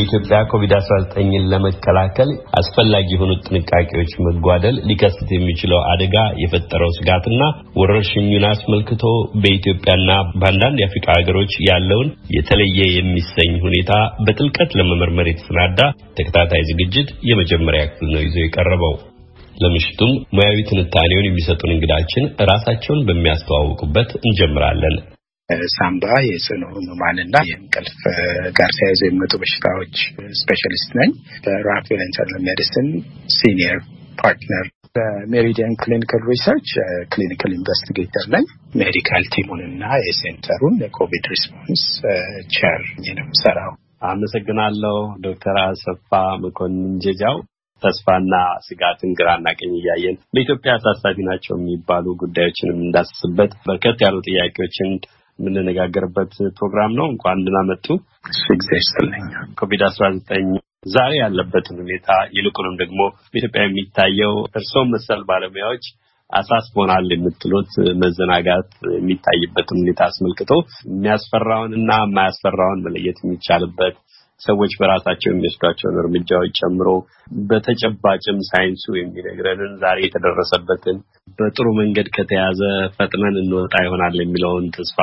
በኢትዮጵያ ኮቪድ-19ን ለመከላከል አስፈላጊ የሆኑት ጥንቃቄዎች መጓደል ሊከስት የሚችለው አደጋ የፈጠረው ስጋትና ወረርሽኙን አስመልክቶ በኢትዮጵያና በአንዳንድ የአፍሪካ ሀገሮች ያለውን የተለየ የሚሰኝ ሁኔታ በጥልቀት ለመመርመር የተሰናዳ ተከታታይ ዝግጅት የመጀመሪያ ክፍል ነው ይዞ የቀረበው። ለምሽቱም ሙያዊ ትንታኔውን የሚሰጡን እንግዳችን ራሳቸውን በሚያስተዋውቁበት እንጀምራለን። ሳምባ የጽኑ ህሙማንና የእንቅልፍ ጋር ተያይዘው የሚመጡ በሽታዎች ስፔሻሊስት ነኝ። በራክቪል ኢንተርናል ሜዲሲን ሲኒየር ፓርትነር በሜሪዲያን ክሊኒካል ሪሰርች ክሊኒካል ኢንቨስቲጌተር ነኝ። ሜዲካል ቲሙን እና የሴንተሩን የኮቪድ ሪስፖንስ ቸር ነው ሰራው። አመሰግናለሁ ዶክተር አሰፋ መኮንን ጀጃው። ተስፋና ስጋትን ግራና ቀኝ እያየን በኢትዮጵያ አሳሳቢ ናቸው የሚባሉ ጉዳዮችንም እንዳስስበት በርከት ያሉ ጥያቄዎችን የምንነጋገርበት ፕሮግራም ነው። እንኳን ደህና መጡ። ኮቪድ አስራ ዘጠኝ ዛሬ ያለበትን ሁኔታ ይልቁንም ደግሞ በኢትዮጵያ የሚታየው እርስዎም መሰል ባለሙያዎች አሳስቦናል የምትሉት መዘናጋት የሚታይበትን ሁኔታ አስመልክቶ የሚያስፈራውን እና የማያስፈራውን መለየት የሚቻልበት ሰዎች በራሳቸው የሚወስዷቸውን እርምጃዎች ጨምሮ በተጨባጭም ሳይንሱ የሚነግረንን ዛሬ የተደረሰበትን በጥሩ መንገድ ከተያዘ ፈጥነን እንወጣ ይሆናል የሚለውን ተስፋ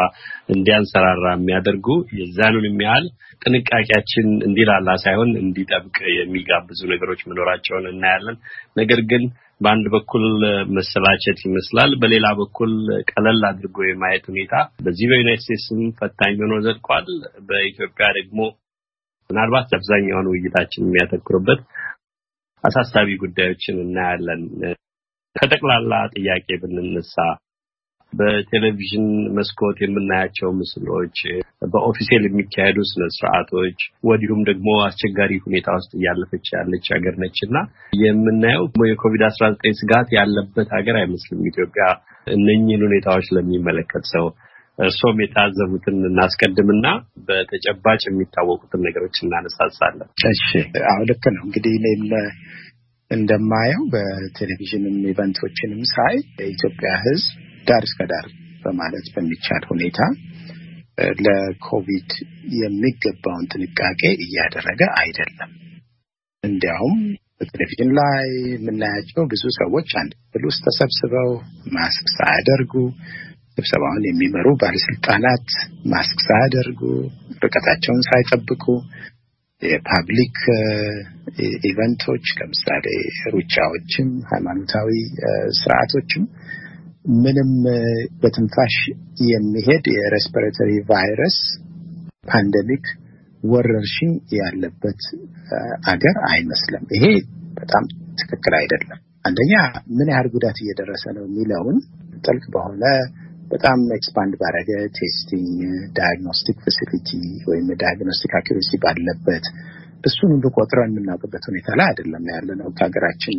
እንዲያንሰራራ የሚያደርጉ የዛኑን የሚያህል ጥንቃቄያችን እንዲላላ ሳይሆን እንዲጠብቅ የሚጋብዙ ነገሮች መኖራቸውን እናያለን። ነገር ግን በአንድ በኩል መሰላቸት ይመስላል፣ በሌላ በኩል ቀለል አድርጎ የማየት ሁኔታ በዚህ በዩናይት ስቴትስም ፈታኝ ሆኖ ዘልቋል። በኢትዮጵያ ደግሞ ምናልባት አብዛኛውን ውይይታችን የሚያተኩርበት አሳሳቢ ጉዳዮችን እናያለን። ከጠቅላላ ጥያቄ ብንነሳ በቴሌቪዥን መስኮት የምናያቸው ምስሎች፣ በኦፊሴል የሚካሄዱ ስነ ስርዓቶች፣ ወዲሁም ደግሞ አስቸጋሪ ሁኔታ ውስጥ እያለፈች ያለች ሀገር ነች እና የምናየው የኮቪድ አስራ ዘጠኝ ስጋት ያለበት ሀገር አይመስልም ኢትዮጵያ። እነኝህን ሁኔታዎች ለሚመለከት ሰው እርሶም የታዘቡትን እናስቀድምና በተጨባጭ የሚታወቁትን ነገሮች እናነሳሳለን። እሺ፣ አዎ ልክ ነው። እንግዲህ እኔም እንደማየው በቴሌቪዥንም ኢቨንቶችንም ሳይ የኢትዮጵያ ሕዝብ ዳር እስከ ዳር በማለት በሚቻል ሁኔታ ለኮቪድ የሚገባውን ጥንቃቄ እያደረገ አይደለም። እንዲያውም በቴሌቪዥን ላይ የምናያቸው ብዙ ሰዎች አንድ ክፍል ውስጥ ተሰብስበው ማስክ ሳያደርጉ ስብሰባውን የሚመሩ ባለስልጣናት ማስክ ሳያደርጉ ርቀታቸውን ሳይጠብቁ የፓብሊክ ኢቨንቶች ለምሳሌ ሩጫዎችም፣ ሃይማኖታዊ ስርዓቶችም ምንም በትንፋሽ የሚሄድ የሬስፒሬተሪ ቫይረስ ፓንደሚክ ወረርሽኝ ያለበት አገር አይመስልም። ይሄ በጣም ትክክል አይደለም። አንደኛ ምን ያህል ጉዳት እየደረሰ ነው የሚለውን ጥልቅ በሆነ በጣም ኤክስፓንድ ባረገ ቴስቲንግ ዳያግኖስቲክ ፌሲሊቲ ወይም ዳያግኖስቲክ አኪሬሲ ባለበት እሱን ሁሉ ቆጥረን የምናውቅበት ሁኔታ ላይ አይደለም ያለ ነው። ከሀገራችን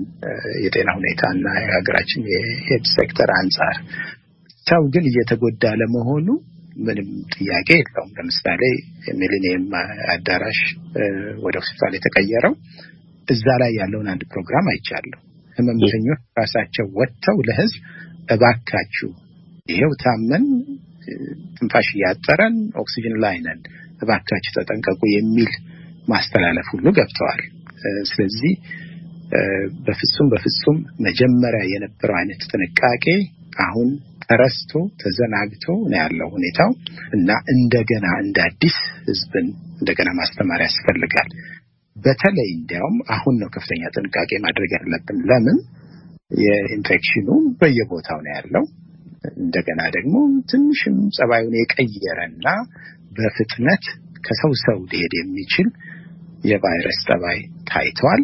የጤና ሁኔታ እና የሀገራችን የሄድ ሴክተር አንጻር ሰው ግን እየተጎዳ ለመሆኑ ምንም ጥያቄ የለውም። ለምሳሌ ሚሊኒየም አዳራሽ ወደ ሆስፒታል የተቀየረው እዛ ላይ ያለውን አንድ ፕሮግራም አይቻለሁ። ህመምተኞች ራሳቸው ወጥተው ለህዝብ እባካችሁ ይሄው ታመን ትንፋሽ እያጠረን ኦክሲጅን ላይ ነን፣ እባካችሁ ተጠንቀቁ የሚል ማስተላለፍ ሁሉ ገብተዋል። ስለዚህ በፍጹም በፍጹም መጀመሪያ የነበረው አይነት ጥንቃቄ አሁን ተረስቶ ተዘናግቶ ነው ያለው ሁኔታው እና እንደገና እንደ አዲስ ህዝብን እንደገና ማስተማር ያስፈልጋል። በተለይ እንዲያውም አሁን ነው ከፍተኛ ጥንቃቄ ማድረግ ያለብን። ለምን የኢንፌክሽኑ በየቦታው ነው ያለው። እንደገና ደግሞ ትንሽም ጸባዩን የቀየረና በፍጥነት ከሰው ሰው ሊሄድ የሚችል የቫይረስ ጸባይ ታይቷል።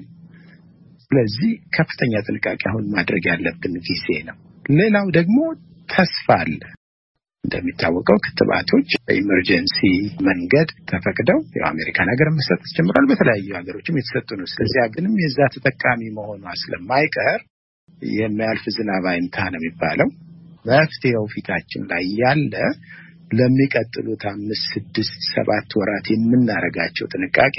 ስለዚህ ከፍተኛ ጥንቃቄ አሁን ማድረግ ያለብን ጊዜ ነው። ሌላው ደግሞ ተስፋ አለ። እንደሚታወቀው ክትባቶች በኢመርጀንሲ መንገድ ተፈቅደው የአሜሪካን ሀገር መሰጠት ጀምሯል። በተለያዩ ሀገሮችም የተሰጡ ነው። ስለዚያ ግንም የዛ ተጠቃሚ መሆኗ ስለማይቀር የሚያልፍ ዝናብ አይምታ ነው የሚባለው። መፍትሄው ፊታችን ላይ ያለ ለሚቀጥሉት አምስት ስድስት ሰባት ወራት የምናደርጋቸው ጥንቃቄ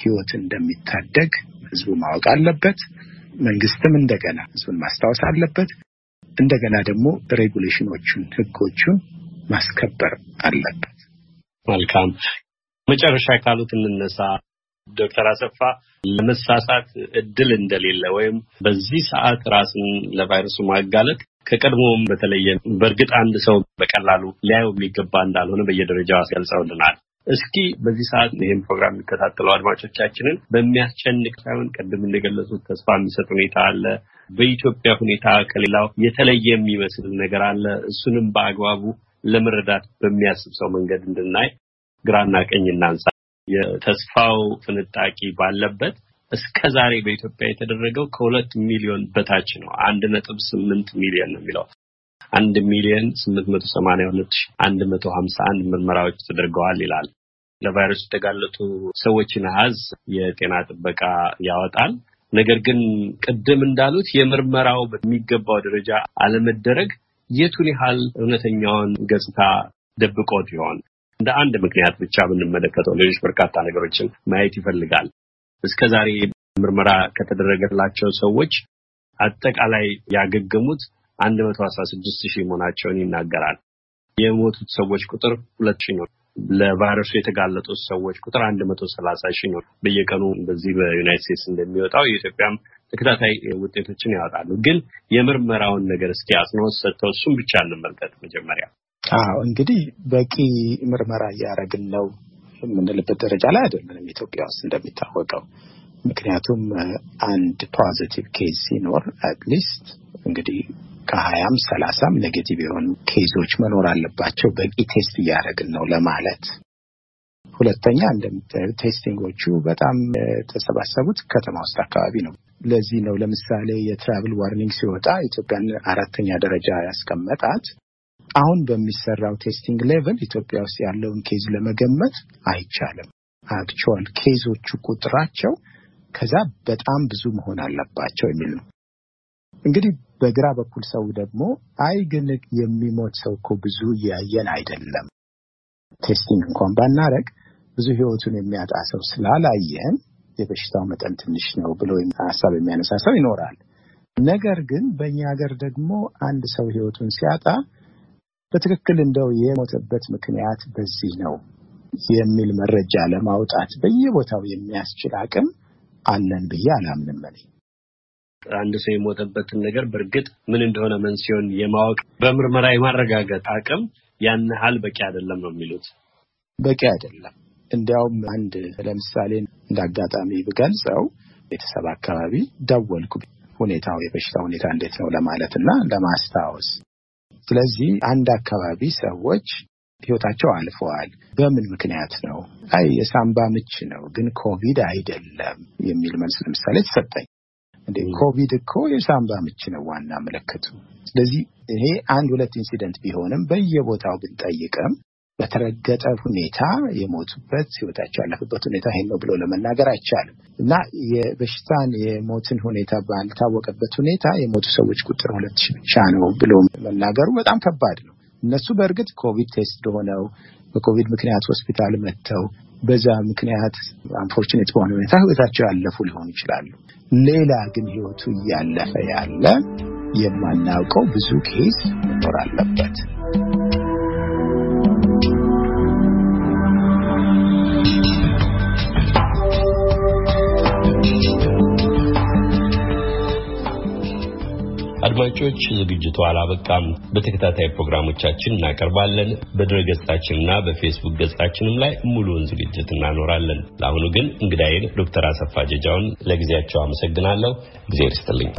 ህይወት እንደሚታደግ ህዝቡ ማወቅ አለበት። መንግስትም እንደገና ህዝቡን ማስታወስ አለበት። እንደገና ደግሞ ሬጉሌሽኖቹን ህጎቹን ማስከበር አለበት። መልካም መጨረሻ ካሉት እንነሳ። ዶክተር አሰፋ ለመሳሳት እድል እንደሌለ ወይም በዚህ ሰዓት ራስን ለቫይረሱ ማጋለጥ ከቀድሞውም በተለየ በእርግጥ አንድ ሰው በቀላሉ ሊያየው የሚገባ እንዳልሆነ በየደረጃው አስገልጸውልናል። እስኪ በዚህ ሰዓት ይህም ፕሮግራም የሚከታተሉ አድማጮቻችንን በሚያስጨንቅ ሳይሆን ቅድም እንደገለጹት ተስፋ የሚሰጥ ሁኔታ አለ። በኢትዮጵያ ሁኔታ ከሌላው የተለየ የሚመስል ነገር አለ። እሱንም በአግባቡ ለመረዳት በሚያስብ ሰው መንገድ እንድናይ ግራና ቀኝ እናንሳ። የተስፋው ፍንጣቂ ባለበት እስከ ዛሬ በኢትዮጵያ የተደረገው ከሁለት ሚሊዮን በታች ነው። አንድ ነጥብ ስምንት ሚሊዮን ነው የሚለው አንድ ሚሊዮን ስምንት መቶ ሰማንያ ሁለት አንድ መቶ ሀምሳ አንድ ምርመራዎች ተደርገዋል ይላል። ለቫይረሱ የተጋለጡ ሰዎችን አሃዝ የጤና ጥበቃ ያወጣል። ነገር ግን ቅድም እንዳሉት የምርመራው በሚገባው ደረጃ አለመደረግ የቱን ያህል እውነተኛውን ገጽታ ደብቆት ይሆን? እንደ አንድ ምክንያት ብቻ ብንመለከተው ሌሎች በርካታ ነገሮችን ማየት ይፈልጋል። እስከ ዛሬ ምርመራ ከተደረገላቸው ሰዎች አጠቃላይ ያገገሙት አንድ መቶ ሺህ መሆናቸውን ይናገራል። የሞቱት ሰዎች ቁጥር ሁለት ሺህ ነው። ለቫይረሱ የተጋለጡት ሰዎች ቁጥር አንድ ሺህ ነው። በየቀኑ በዚህ በዩናይት ስቴትስ እንደሚወጣው የኢትዮጵያም ተከታታይ ውጤቶችን ያወጣሉ። ግን የምርመራውን ነገር እስኪ አጽንኦት ሰጥተው እሱም ብቻ እንመልከት መጀመሪያ። አዎ እንግዲህ በቂ ምርመራ እያደረግን ነው የምንልበት ደረጃ ላይ አይደለንም ኢትዮጵያ ውስጥ እንደሚታወቀው። ምክንያቱም አንድ ፖዚቲቭ ኬዝ ሲኖር አትሊስት እንግዲህ ከሀያም ሰላሳም ኔጌቲቭ የሆኑ ኬዞች መኖር አለባቸው በቂ ቴስት እያደረግን ነው ለማለት። ሁለተኛ እንደምታዩ ቴስቲንጎቹ በጣም የተሰባሰቡት ከተማ ውስጥ አካባቢ ነው። ለዚህ ነው ለምሳሌ የትራቭል ዋርኒንግ ሲወጣ ኢትዮጵያን አራተኛ ደረጃ ያስቀመጣት አሁን በሚሰራው ቴስቲንግ ሌቭል ኢትዮጵያ ውስጥ ያለውን ኬዝ ለመገመት አይቻልም። አክቹዋል ኬዞቹ ቁጥራቸው ከዛ በጣም ብዙ መሆን አለባቸው የሚል ነው። እንግዲህ በግራ በኩል ሰው ደግሞ አይ ግን የሚሞት ሰው እኮ ብዙ እያየን አይደለም፣ ቴስቲንግ እንኳን ባናረግ ብዙ ህይወቱን የሚያጣ ሰው ስላላየን የበሽታው መጠን ትንሽ ነው ብሎ ሀሳብ የሚያነሳ ሰው ይኖራል። ነገር ግን በእኛ ሀገር ደግሞ አንድ ሰው ህይወቱን ሲያጣ በትክክል እንደው የሞተበት ምክንያት በዚህ ነው የሚል መረጃ ለማውጣት በየቦታው የሚያስችል አቅም አለን ብዬ አላምንም። አንድ ሰው የሞተበትን ነገር በእርግጥ ምን እንደሆነ መንስኤውን የማወቅ በምርመራ የማረጋገጥ አቅም ያን ያህል በቂ አይደለም ነው የሚሉት። በቂ አይደለም። እንዲያውም አንድ ለምሳሌ እንደ አጋጣሚ ብገልጸው ቤተሰብ አካባቢ ደወልኩ ሁኔታው የበሽታ ሁኔታ እንዴት ነው ለማለት እና ለማስታወስ ስለዚህ አንድ አካባቢ ሰዎች ህይወታቸው አልፈዋል። በምን ምክንያት ነው? አይ የሳምባ ምች ነው፣ ግን ኮቪድ አይደለም የሚል መልስ ለምሳሌ ተሰጠኝ። እንዴ ኮቪድ እኮ የሳምባ ምች ነው ዋና ምልክቱ። ስለዚህ ይሄ አንድ ሁለት ኢንሲደንት ቢሆንም በየቦታው ብንጠይቅም በተረገጠ ሁኔታ የሞቱበት ህይወታቸው ያለፈበት ሁኔታ ይሄን ነው ብሎ ለመናገር አይቻልም እና የበሽታን የሞትን ሁኔታ ባልታወቀበት ሁኔታ የሞቱ ሰዎች ቁጥር ሁለት ሺህ ብቻ ነው ብሎ መናገሩ በጣም ከባድ ነው። እነሱ በእርግጥ ኮቪድ ቴስት ሆነው በኮቪድ ምክንያት ሆስፒታል መጥተው በዛ ምክንያት አንፎርቹኔት በሆነ ሁኔታ ህይወታቸው ያለፉ ሊሆኑ ይችላሉ። ሌላ ግን ህይወቱ እያለፈ ያለ የማናውቀው ብዙ ኬስ መኖር አለበት። አድማጮች ዝግጅቱ አላበቃም። በተከታታይ ፕሮግራሞቻችን እናቀርባለን። ገጻችንና በፌስቡክ ገጻችንም ላይ ሙሉውን ዝግጅት እናኖራለን። ለአሁኑ ግን እንግዳይን ዶክተር አሰፋ ጀጃውን ለጊዜያቸው አመሰግናለሁ። እግዜር ይስጥልኝ።